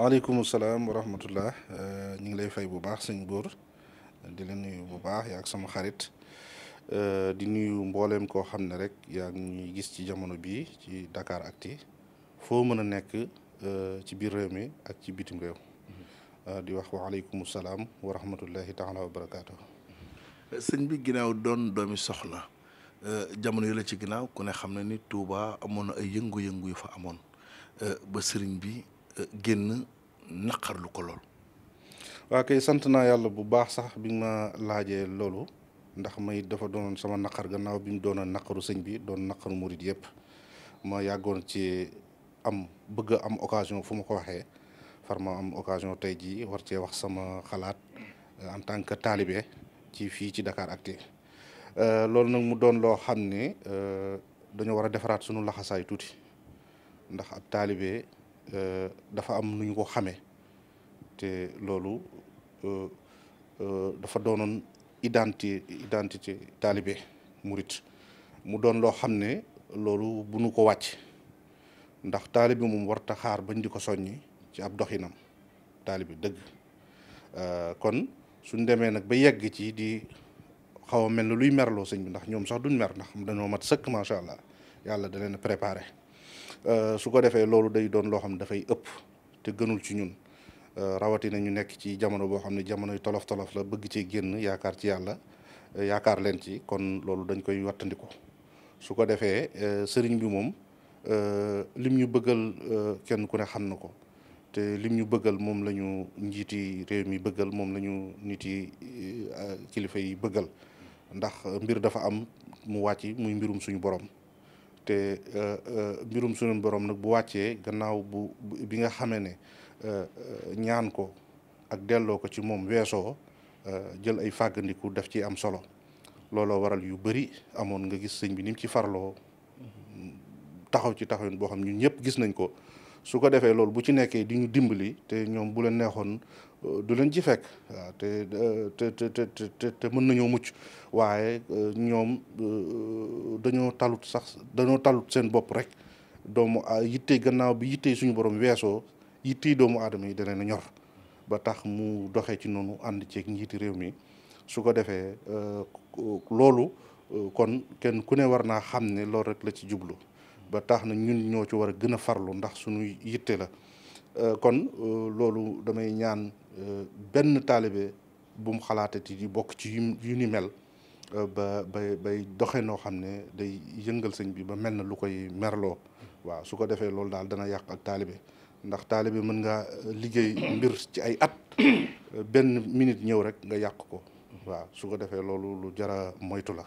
waaleykum salaam wa rahmatullah euh, ñu ngi lay fay bu baax sëñ góor di la nuyu bu baax yaa ak sama xarit euh, di nuyu mbooleem koo xam ne rek yaa ngi ñuy gis ci jamono bii ci Dakaractu foo mën a nekk euh, ci biir réew mi ak ci bitim réew di wax waaleykum salaam wa rahmatullahi taala wa barakaatu. sëñ bi ginnaaw doon doomi soxna jamono yi la ci ginnaaw ku ne xam na ni Touba amoon na ay yëngu-yëngu yu fa amoon ba sëriñ bi. génn naqarlu ko lool. waa kay sant naa yàlla bu baax sax bi ma laajee loolu ndax may dafa doonoon sama naqar gannaaw bi mu doonoon naqaru sëñ bi doon naqaru murit yëpp ma yàggoon ci am bëgg am occasion fu ma ko waxee far am occasion tey jii war cee wax sama xalaat euh, en tant que taalibe ci fii ci Dakaractu euh, loolu nag mu doon loo xam ne euh, dañoo war a defaraat sunu laxasaay tuuti ndax ab taalibe. Euh, dafa am nu ñu ko xamee te loolu euh, euh, dafa doonoon identité identité taalibe murit mu doon loo xam ne loolu bu nu ko wàcc ndax taalibe moom warta xaar bañ di ko soññi ci ab doxinam taalibe dëgg kon suñ demee nag ba yegg ci di xaw a mel na luy meraloo sëñ bi ndax ñoom sax duñ mer ndax dañoo mat sëkk macha allah yàlla dalee na a préparé Euh, su ko defee loolu day doon loo xam ne dafay ëpp te gënul ci ñun euh, rawatina ñu nekk ci jamono boo xam ne jamonoy tolof tolof la bëgg cee génn yaakaar ci yàlla euh, yaakaar leen ci kon loolu dañ koy wattandiku su ko defee sëriñ bi moom lim ñu bëggal kenn ku ne xam na ko te lim ñu bëggal moom la ñu njiiti réew mi bëggal moom lañu ñu nit yi kilifa yi bëggal ndax mbir dafa am mu wàcc muy mbirum suñu borom. te euh, euh, mbirum sunu boroom nag bu wàccee gannaaw bu bi nga xamee ne euh, ñaan ko ak delloo ko ci moom weesoo jël ay fàggandiku def ci am solo looloo waral yu bëri amoon nga gis sëñ bi ni mu ci farloo taxaw ci taxawin boo xam ñun ñëpp gis nañ ko su ko defee loolu bu ci nekkee di ñu dimbali te ñoom bu la neexoon du leen ci fekk waaw te te te te mën nañoo mucc waaye euh, ñoom euh, dañoo talut sax dañoo talut seen bopp rek doomu ah, yitte gannaaw bi yittee suñu borom weesoo yitte doomu aadama yi a ñor ba tax mu doxee ci noonu ànd ceeg njiiti réew mi su ko defee euh, loolu kon kenn ku ne war naa xam ne loolu rek la ci jublu ba tax na ñun ñoo ci war a gën a farlu ndax suñu yitte la kon loolu damay ñaan. Euh, benn taalibe bu mu xalaatati di bokk ci yu ni mel euh, ba bay doxe noo xam ne day yëngal sëñ bi ba mel na lu koy merloo waaw su ko defee loolu daal dana yàq ak taalibe ndax taalibe mën nga euh, liggéey mbir ci ay at benn minute ñëw rek nga yàq ko waaw su ko defee loolu lu jara moytu la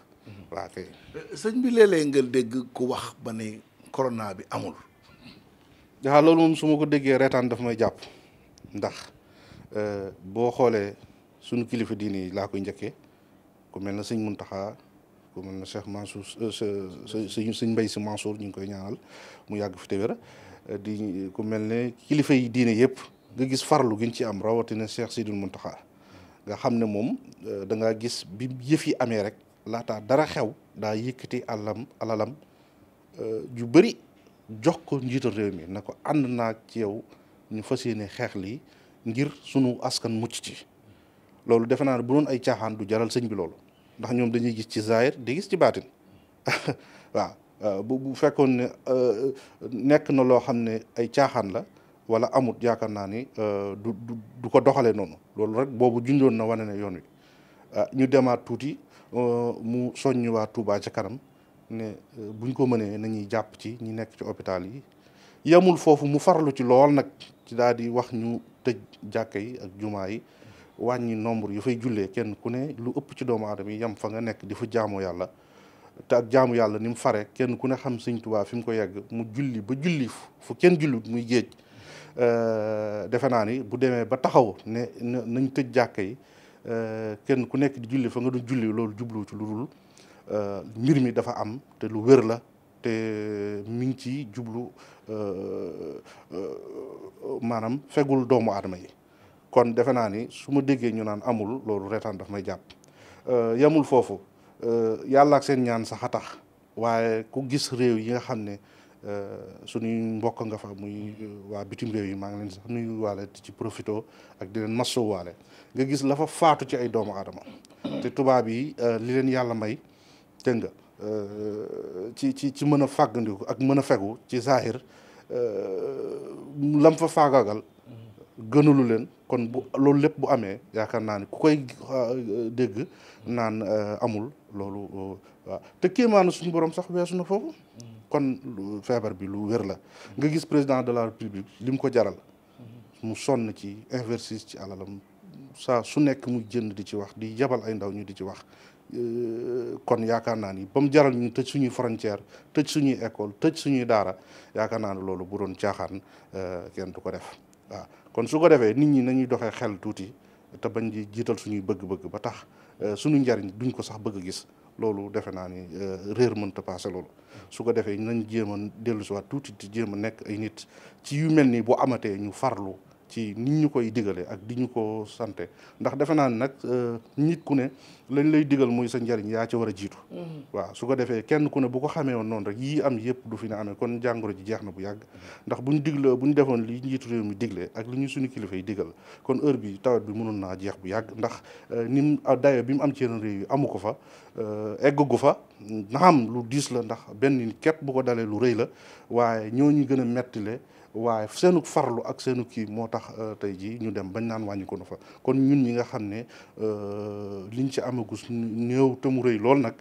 waaw kay sëñ bi léeg-léeg nga dégg ku wax ba ne corona bi amul waaw loolu moom su ma ko déggee reetaan dafa may jàpp ndax Euh, boo xoolee sunu kilifa diine yi laa koy njëkkee ku mel na sëñ Muntaxa ku mel na Cheikh Mansour euh, sëñ Mbay Si Mansour ñu ngi koy ñaanal mu yàgg fi te wér euh, di ku mel ne kilifa yi diine yëpp nga gis farlu gi ci am rawatina Cheikh Sidul Muntaxa nga xam ne moom da ngaa gis bi yëf yi amee rek laataa dara xew daa yëkkati alam alalam ju bëri jox ko njiital réew mi na ko ànd naag ci yow ñu fa yéene xeex lii ngir sunu askan mucc ci loolu defe naa ne bu doon ay caaxaan du jaral sëñ bi loolu ndax ñoom dañuy gis ci zaahir di gis ci baatin waaw euh, bu bu fekkoon ne euh, nekk na loo xam ne ay caaxaan la wala amut yaakaar naa ni euh, du du ko doxalee noonu loolu rek boobu junjoon na wane ne yoon wi ñu demaat tuuti mu soññ waa ci kanam ne buñ ko mënee na nañuy jàpp ci ñi nekk ci hôpital yi yemul foofu mu farlu ci lool nag ci wax ñu. tëj jàkka yi ak jumaa yi wàññi nombre yu fay jullee kenn ku ne lu ëpp ci doomu aadam yi yam fa nga nekk di fa jaamu yàlla te ak jaamu yàlla ni mu fare kenn ku ne xam sëñ Tuubaa fi yegg mu julli ba julli fu kenn jullit muy géej euh, defe naa ni bu demee ba taxaw ne nañ tëj jàkka yi euh, kenn ku nekk di julli fa nga doon julli loolu jublu ci lu dul euh, mbir mi dafa am te lu wér la te mi ngi ci jublu Euh, euh, euh, maanaam fegul doomu adama yi kon defe naa ni su ma déggee ñu naan amul loolu reetaan daf may jàpp yamul foofu yàlla ak seen ñaan sax a tax waaye ku gis réew yi nga xam ne suñuy mbokk nga fa muy waa bitim réew yi maa ngi leen sax nuyu waale ci profito ak di leen masso waale nga gis la fa faatu ci ay doomu aadama te tubaab yi li leen yàlla may dégg nga Euh, ci ci ci mën a fàggandiku ak mën a fegu ci zahir euh, lam fa faagaagal gënalu leen kon bu loolu lépp bu amee yaakaar naa ni ku koy euh, dégg naan amul loolu waaw te kéemaanu suñu borom sax weesu na foofu kon feebar bi lu wér la nga gis président de la république li mu ko jaral mu sonn ci investir ci alalam saa su nekk mu jënd di ci wax di yabal ay ndaw ñu di ci wax Euh, kon yaakaar naa ni ba mu jaral ñu tëj suñuy frontière tëj suñuy école tëj suñuy daara yaakaar naa ne loolu bu doon caaxaan euh, kenn du ko def waaw kon su ko defee nit ñi nañuy doxee xel tuuti te bañ di jiital suñuy bëgg-bëgg ba tax euh, suñu njariñ duñ ko sax bëgg a gis loolu defe naa ni réer mënta passé loolu su ko defee nañ jéem a dellusiwaat tuuti di jéem a nekk ay nit ci yu mel nii boo amatee ñu farlu ci nit ñu koy digalee ak di ñu ko sante ndax defe naa nag euh, nit ku ne lañ lay digal mooy sa njariñ yaa ci war a jiitu mm-hmm. waaw su ko defee kenn ku ne bu ko xamee woon noonu rek yii am yëpp du fi ne amee kon jàngoro ji jeex na bu yàgg mm-hmm. ndax buñ digle buñ defoon li njiitu réew diglee ak li ñu suñu kilifa yi digal kon heure bi tawet bi mënoon naa jeex bu yàgg ndax euh, ni dayo bi mu am ci yeneen réew amu ko fa euh, eggagu fa naam lu diis la ndax benn ket bu ko dalee lu rëy la waaye ñooñu gën a mettile waaye seenu farlu ak seenu kii moo tax euh, tey jii ñu dem bañ naan wàññi na fa kon ñun ñi nga xam ne euh, liñ ci amagus néew te mu rëy lool nag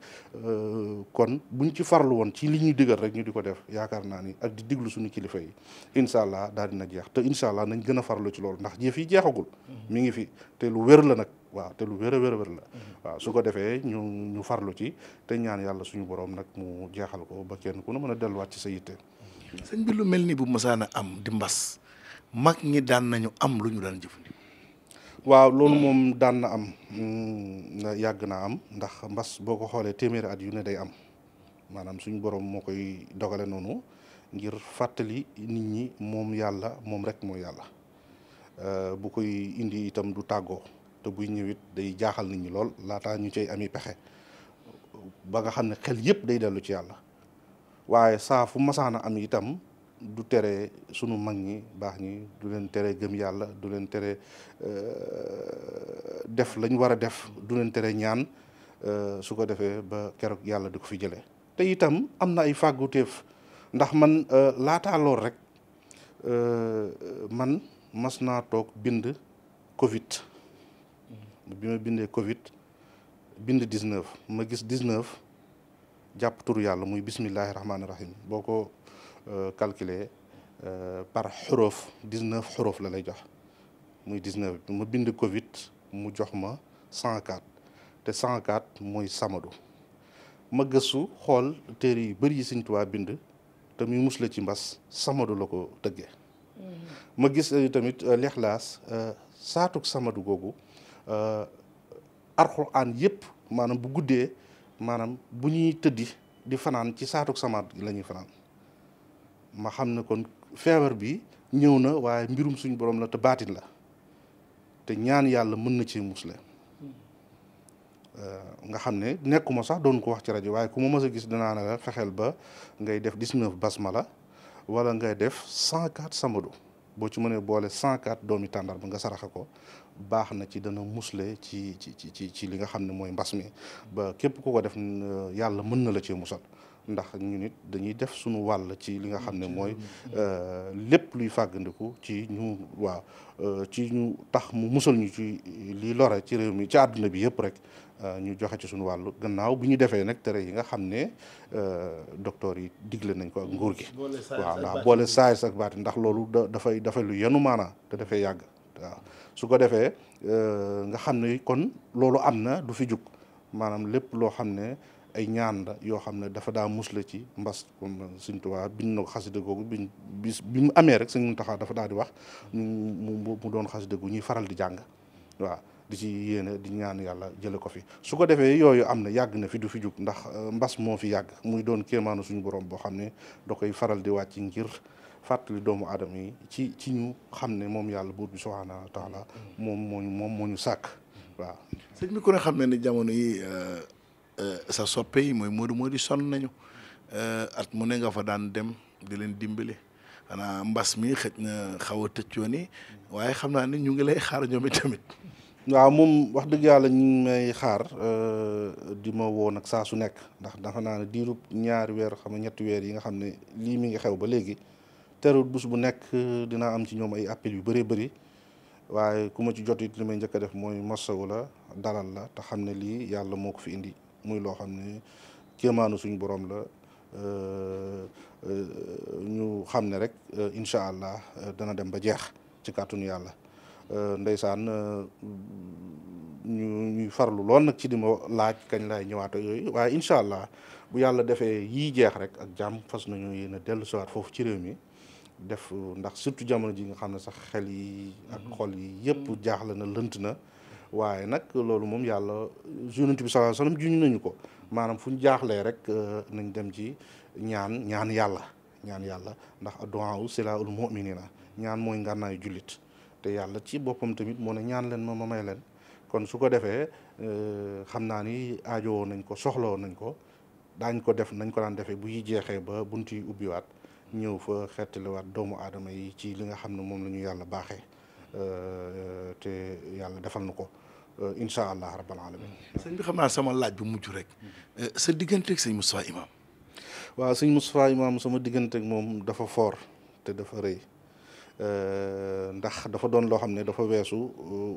euh, kon buñ ci farlu woon ci li ñuy digal rek ñu di ko def yaakaar naa ni ak di diglu suñu kilifa yi incha allah daal dina jeex te incha allah nañ gën a farlu ci loolu ndax jëf yi jeexagul mm-hmm. mi ngi fi te lu wér la nag waaw te lu wér a wér a la mm-hmm. waaw su ko defee ñu ñu farlu ci te ñaan yàlla suñu borom nag mu jeexal ko ba kenn ku ne mën a delluwaat ci sa sëñ bi lu mel ni bu masaana am di mbas mag ñi daan nañu am lu ñu daan jëfandikoo. waaw loolu moom daan na am mm, yàgg naa am ndax mbas boo ko xoolee téeméeri at yu ne day am maanaam suñu borom moo koy dogale noonu ngir fàttali nit ñi moom yàlla moom rek mooy yàlla euh, bu koy indi itam du tàggoo te buy ñëwit day jaaxal nit ñi lool laataa ñu cay ami pexe ba nga xam ne xel yëpp day dellu ci yàlla. waaye saa fu masaana am itam du tere sunu mag ñi baax ñi du leen tere gëm yàlla du leen tere euh, def lañ war a def du leen tere ñaan euh, su ko defee ba keroog yàlla du ko fi jëlee. te itam am na ay fàgguteef ndax man euh, laataa lool rek man mas naa toog bind Covid mm. bi ma bindee Covid bind 19 ma gis 19. jàpp turu yàlla muy bismillahi rahmaani rahim boo ko euh, calculer euh, par xuroof dix-neuf xuroof la lay jox muy dix-neuf ma bind Covid mu jox ma cent quatre te cent quatre mooy samadu ma gëstu xool téere yu bëri yi Sëñ Tuubaa bind te muy musla ci mbas samadu la ko tëggee mm-hmm. ma gis euh, tamit lexlaas saatuk samadu googu alxuraan yëpp maanaam bu guddee maanaam bu ñuy tëddi di fanaan ci saatuk samaat lañuy la fanaan ma xam ne kon feebar bi ñëw na waaye mbirum suñu borom la te baatin la te ñaan yàlla mën na ci musle euh, nga xam ne nekkuma sax doon ko wax ci rajo waaye ku ma mës a gis danaa ne la fexeel ba ngay def 19 la wala ngay def sama samadu boo ci mënee boole 104 doomi tàndar ba nga saraxa ko baax na ci dana musle ci ci ci ci li nga xam ne mooy mbas mi ba képp ku ko def euh, yàlla mën na la cee musal ndax ñu nit dañuy def suñu wàll ci li nga xam ne mooy euh, lépp luy fàggandiku ci ñu waaw euh, ci ñu tax mu musal ñu ci liy lore ci réew mi ci àdduna bi yëpp rek ñu joxe ci suñu wàllu gannaaw bi ñu defee nag tere yi nga xam ne docteur yi digle nañ ko ak nguur gi waaw boole saayir ak baati ndax loolu dafay dafay lu yenu maanaa te dafay yàgg waaw su ko defee euh, nga xam ne kon loolu am na du fi jug maanaam lépp loo xam ne ay ñaan la yoo xam ne dafa daa musla ci mbas comme Sëñ Tuubaa bind na ko xasida googu biñ bis bi mu amee rek Sëñ Muntaxa dafa daal di wax mu mu doon xasida gu ñuy faral di jàng waaw di ci yéene di ñaan yàlla jële ko fi su ko defee yooyu am na yàgg na fi du fi jug ndax euh, mbas moo fi yàgg muy doon kéemaanu suñu borom boo xam ne doo koy faral di wàcc ngir fàttali doomu aadama yi ci ci ñu xam ne moom yàlla buur bi subhaanahu wa taala moom moo ñu moom moo sàkk waaw. sëñ bi ku xam ne ni jamono yi euh, euh, sa soppe yi mooy Modou Modou sonn nañu euh, at mu ne nga fa daan dem di leen dimbali. xanaa mbas mi xëj na xaw a tëccoo ni waaye xam naa ni ñu ngi lay xaar ñoom tamit. waaw moom wax dëgg yàlla ñu ngi may di ma nag saa su nekk ndax dafa naa ne diirub ñaari weer xam ne ñetti weer yi nga xam ne lii mi ngi xew ba léegi terewul bés bu nekk euh, dinaa am ci ñoom ay appels yu bëree bëri waaye ku ma ci jot it li may njëkk a def mooy masawu la dalal la te xam ne lii yàlla moo ko fi indi muy loo xam ne kéemaanu suñu borom la euh, euh, ñu xam ne rek incha allah dana dem ba jeex ci kàttanu yàlla ndeysaan ñu ñuy farlu lool nag ci di ma laaj kañ laay ñëwaat ak yooyu waaye incha allah bu yàlla defee yii jeex rek ak jàmm fas nañu yéen a dellu siwaat foofu ci réew mi. def ndax surtout jamono ji nga xam ne sax xel yi ak mhm. xol yi yëpp mhm. jaaxle na lënt na waaye nag loolu moom yàlla yonent bi sallallahu alayhi wasallam nañu ko maanaam fu ñu jaaxlee rek euh, nañ dem ci ñaan ñaan yàlla ñaan yàlla ndax la du'aa silaahul la ñaan mooy ngànnaayu jullit te yàlla ci boppam tamit moo ne ñaan leen ma ma may leen kon su ko defee euh, xam naa ni aajowoo nañ ko soxlawoo nañ ko daañ ko def nañ ko daan defee bu yi jeexee ba bunt yi ubbiwaat ñëw fa xettaliwaat doomu aadama yi ci li nga xam ne moom la ñu yàlla baaxe euh, te yàlla defal na ko euh, incha allah rabbal alamin sëñ bi xam sama laaj bu mujj rek euh, sa digganteeg sëñ Moustapha Imam waaw sëñ Moustapha Imam sama digganteeg moom dafa foor te dafa rëy ndax dafa doon loo xam ne dafa weesu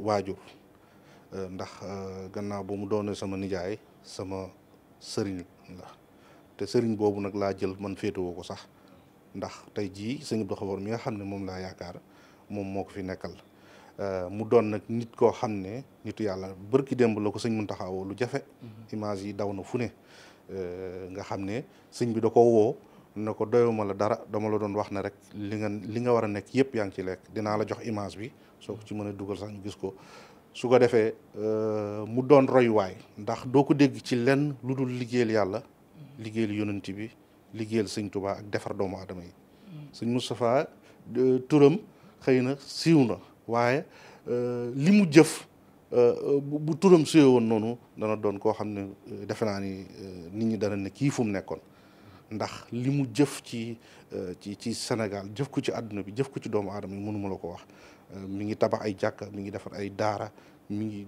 waajur ndax gannaaw ba mu doonee sama nijaay sama sëriñ la te sëriñ boobu nag laa jël man féetewoo ko sax ndax tey jii sëñ Abdou Khafor mi nga xam ne moom laa yaakaar moom moo ko fi nekkal euh, mu doon nag nit koo xam ne nitu yàlla bërki démb la ko sëñ mun woo lu jafe mhm. image yi daw na fu ne euh, nga xam ne sëñ bi da ko woo na ko doyuma la dara dama la doon wax ne rek li nga li nga war a nekk yëpp yaa ngi ci lekk dinaa la jox image bi soo ko ci mën a dugal sax ñu gis ko su ko defee euh, mu doon royuwaay ndax doo ko dégg ci lenn lu dul liggéeyal yàlla mhm. liggéeyal yonent bi liggéeyal sëñ tubaa ak defar doomu aadama yi sëñ Moustapha turam xëy na siw na waaye euh, li mu jëf euh, euh, bu turam siiwee woon noonu dana doon koo xam ne defe naa ni nit ñi dana ne kii fu mu nekkoon ndax li mu jëf ci ci ci Sénégal jëf ko ci àdduna bi jëf ko ci doomu aadama yi mënuma la ko wax mi ngi tabax ay jàkka mi ngi defar ay daara mi ngi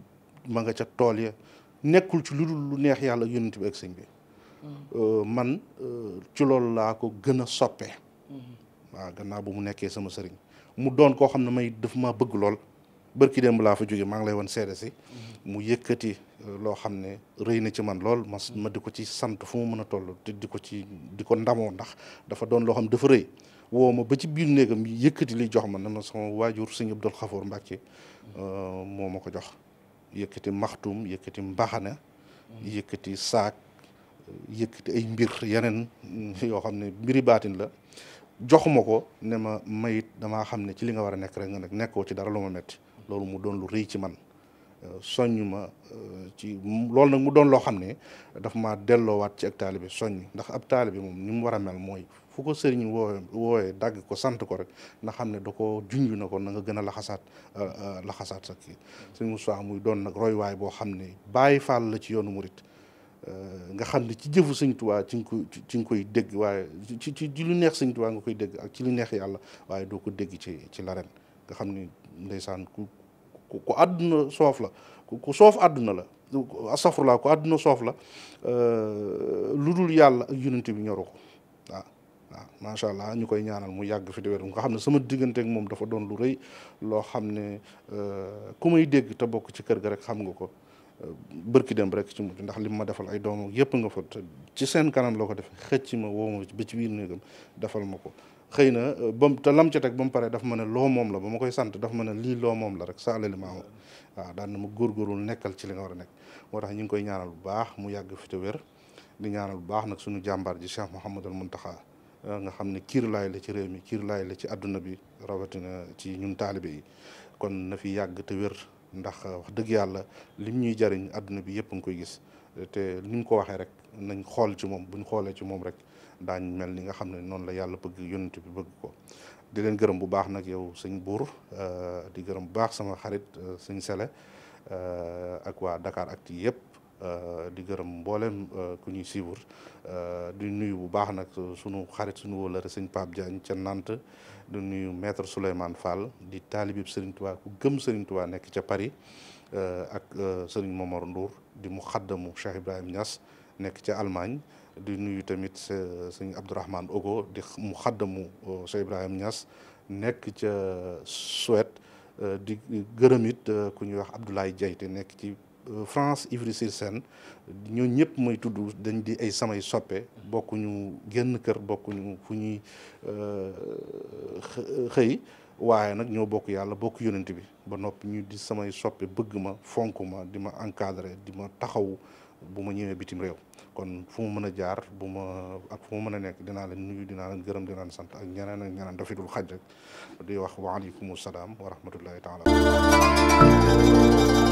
ma nga ca tool ya nekkul ci lu dul lu neex yàlla yonent bi ak sëñ bi Euh, man euh, ci loolu laa ko gën a soppee waaw gannaaw bu mu nekkee sama sëriñ mu doon koo xam ne may daf ma bëgg lool bërki démb laa fa jóge maa ngi lay woon seede si mu yëkkati euh, loo xam ne rëy na ci man lool ma ma di ko ci sant fu mu mën a toll te di ko ci di ko ndamoo ndax dafa doon loo xam ne dafa rëy woo ma ba ci biir néegam yëkkati li jox ma ne ma sama waajur sëñ Abdul Xafoor Mbàkke moo ma ko jox yëkkati maxtum yëkkati mbaxana yëkkati saak yëkkati ay mbir yeneen yoo xam ne mbiri baatin la joxuma ko ne ma mayit damaa xam ne ci li nga war a nekk rek nga nekk nekkoo ci dara lu ma metti loolu mu doon lu rëy ci man euh, soññ ma euh, ci loolu nag mu doon loo xam ne dafa ma delloowaat ci ak taalibe soññ ndax ab taalibe moom ni mu war a mel mooy fu ko sëriñ woowe woowee dagg ko sant ko rek na xam ne da ko junj na ko na nga gën a laxasaat euh, laxasaat sa kii sëriñ Moussa muy doon nag roy waay boo xam ne bàyyi faal la ci yoonu murit Euh, nga xam ne ci jëfu sëñ Tuubaa ci nga koy ci dégg waaye ci ci lu neex sëñ Tuubaa nga koy dégg ak ci lu neex yàlla waaye doo ko dégg ci ci leneen nga xam ni ndeysaan ku ku àdduna soof la ku soof àdduna la astafurlaa ku àdduna soof la euh, lu dul yàlla ak yonent bi ñoru ko waaw waaw macha allah ñu koy ñaanal mu yàgg fi di wér nga xam ne sama diggante moom dafa doon lu rëy loo xam ne euh, ku may dégg te bokk ci kër ga rek xam nga ko bërki dem rek ci mujj ndax li ma defal ay doomam yëpp nga fa ci seen kanam la ko def xëcc ma woo ma ba ci biir néegam defal ma ko xëy na euh, ba te lam ca teg ba mu pare daf ma ne loo moom la ba ma koy sant dafa ma ne lii loo moom la rek saa la li ma am waaw daan na ma góorgóorul nekkal ci li nga war a nekk moo tax ñu ngi koy ñaanal bu baax mu yàgg fi te wér di ñaanal bu baax nag suñu jàmbaar ji Cheikh Mouhamadul Mountakha euh, nga xam ne kiir laay la ci réew mi kiir laay la ci àdduna bi rawatina ci ñun taalibe yi kon na fi yàgg te wér ndax euh, wax dëgg yàlla lim ñuy jariñ àdduna bi yëpp nga koy gis te ni mu ko waxee rek nañ xool ci moom buñ xoolee ci moom rek daañ mel ni nga xam ne noonu la yàlla bëgg yonent bi bëgg ko di leen gërëm bu baax nag yow sëñ buur euh, di gërëm bu baax sama xarit euh, sëñ sele ak waa Dakar Actu yëpp Euh, di gërëm mboolem euh, ku ñuy suivre euh, di nuyu bu baax nag sunu xarit sunu wóolare sëñ Pape Diagne ca nant di nuyu maître Souleymane Fall di taalibib Serigne Touba ku gëm Serigne Touba nekk ca Paris ak Serigne Momar Ndour di mu xaddamu Cheikh Ibrahim ñas nekk ca Allemagne di nuyu tamit sëñ Abdourahmane Ogo di mu xaddamu Cheikh Ibrahim ñas nekk ca Suède di gërëm ku ñuy wax Abdoulaye Diaye te nekk ci. Euh, France Ivry sur Seine ñoo ñëpp may tudd dañ di ay samay soppe bokkuñu génn kër bokkuñu fu ñuy euh, xëy waaye nag ñoo bokk yàlla bokk yonent bi ba noppi ñu di samay soppe bëgg ma fonk ma di ma encadré di ma taxaw bu ma ñëwee bitim réew kon fu ma mën a jaar bu ma ak fu ma mën a nekk dinaa leen nuyu dinaa leen gërëm dinaa leen sant ak ñeneen ak ñeneen dafi dul xaj rek di wax waaleykum salaam wa rahmatullahi taala